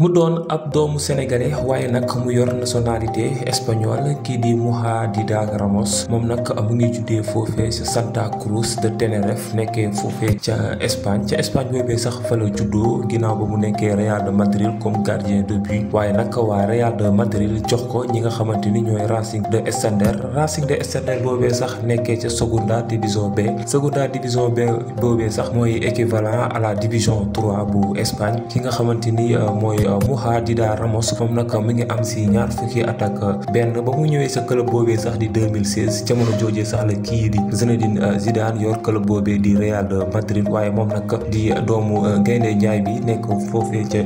mu doon ab doomu sénégalais waaye nag mu yor nationalité espagnole kii di Moudada Ramos moom nag mu ngi juddee foofee ca Santa Cruz de Tenerife nekkee foofee ca Espagne ca Espagne boobee sax fa la juddoo ginnaaw ba mu nekkee Real de Madrid comme gardien de but waaye nag waa Real de Madrid jox ko ñi nga xamante ni ñooy Racing de Santander Racing de Santander boobee sax nekkee ca Segunda Division B Segunda Division B boobee sax mooy équivalent à la division 3 bu Espagne ki nga xamante ni euh, mooy. Mouhadida Ramos moom nag mu ngi am si ñaar fukki at ak benn ba mu ñëwee sa club boobee sax di 2016 jamono joojee sax la kii di Zinedine Zidane club boobee di Real Madrid waaye moom nag di doomu bi nekk foofee ca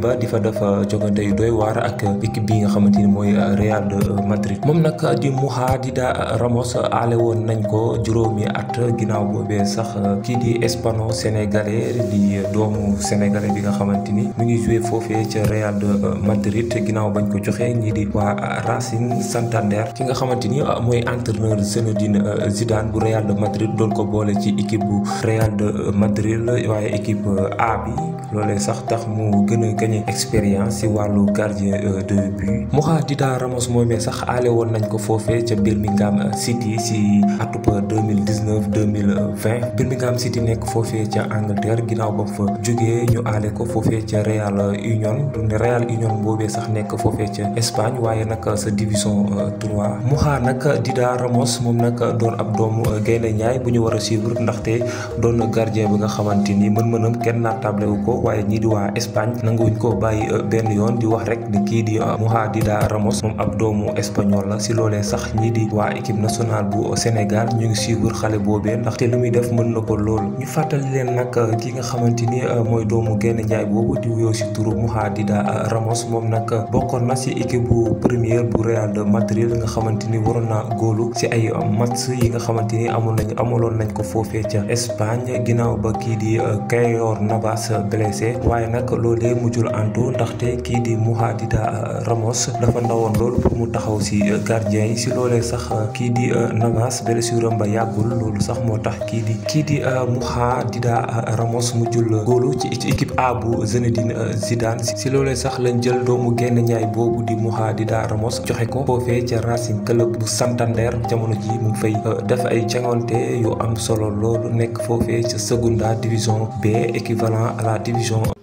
ba di fa dafa jogante yu ak équipe bi nga xamante ni mooy Real Madrid moom nag di Mouhadida Ramos aale woon nañ ko juróomi at ginnaaw boobee sax kii di espano sénégalais di doomu sénégalais bi nga xamante ni mu ngi joué foofu foofee ca Real de euh, Madrid ginnaaw bañ ko joxee ñii di waa euh, Racing Santander ki nga xamante ni euh, mooy entraîneur Zinedine Zidane bu Real de Madrid dool ko boole ci équipe bu Real de Madrid waaye équipe A bi. loolee sax tax mu gën a gagné expérience si wàllu gardien euh, de but Moha Dida Ramos moomee sax aale woon nañ ko foofee ca Birmingham City si atub 2019 2020 Birmingham City nekk foofee ca Angleterre ginnaaw ba fa jógee ñu aale ko foofee ca Real Union du Real Union boobee sax nekk foofee ca Espagne waaye nag sa division 3 euh, Moha nag Dida Ramos moom nag doon ab doomu Gaynde ñaay bu ñu war a suivre ndaxte doon gardien bi nga xamante ni mën-mënam kenn naa table wu ko waaye ñii di waa Espagne nanguwuñ koo bàyyi euh, benn yoon di wax rek di kii di euh, Moujadida Ramos moom ab doomu espagnol la si loolee sax ñii di waa équipe national bu euh, Sénégal ñu ngi suivre xale boobee ndaxte lu muy def mën na ko loolu ñu fàttali leen nag ki nga xamante ni mooy doomu Gaynde Njaay boobu di wuyoo si turu Moujadida Ramos moom nag bokkoon na si équipe bu première bu Real de Madrid nga xamante ni waroon na góolu si ay match yi nga xamante ni amoon nañ amaloon nañ ko foofee ca Espagne ginnaaw ba kii di Keylor Navas ASC waaye nag loolee mujjul antu ndaxte kii di Mouhadida euh, Ramos dafa ndawoon loolu pour mu taxaw si euh, gardien yi si loolee sax euh, kii di Navas blessure ba yàggul loolu sax moo tax kii di kii di Mouhadida Ramos mu góolu ci ci équipe A bu Zinedine Zidane si loolee sax lañ jël doomu génn ñaay boobu di Mouhadida Ramos joxe ko foofee ca Racing Club bu Santander jamono ji mu fay def ay jangante yu am solo loolu nekk foofee ca segunda division B équivalent à conclusion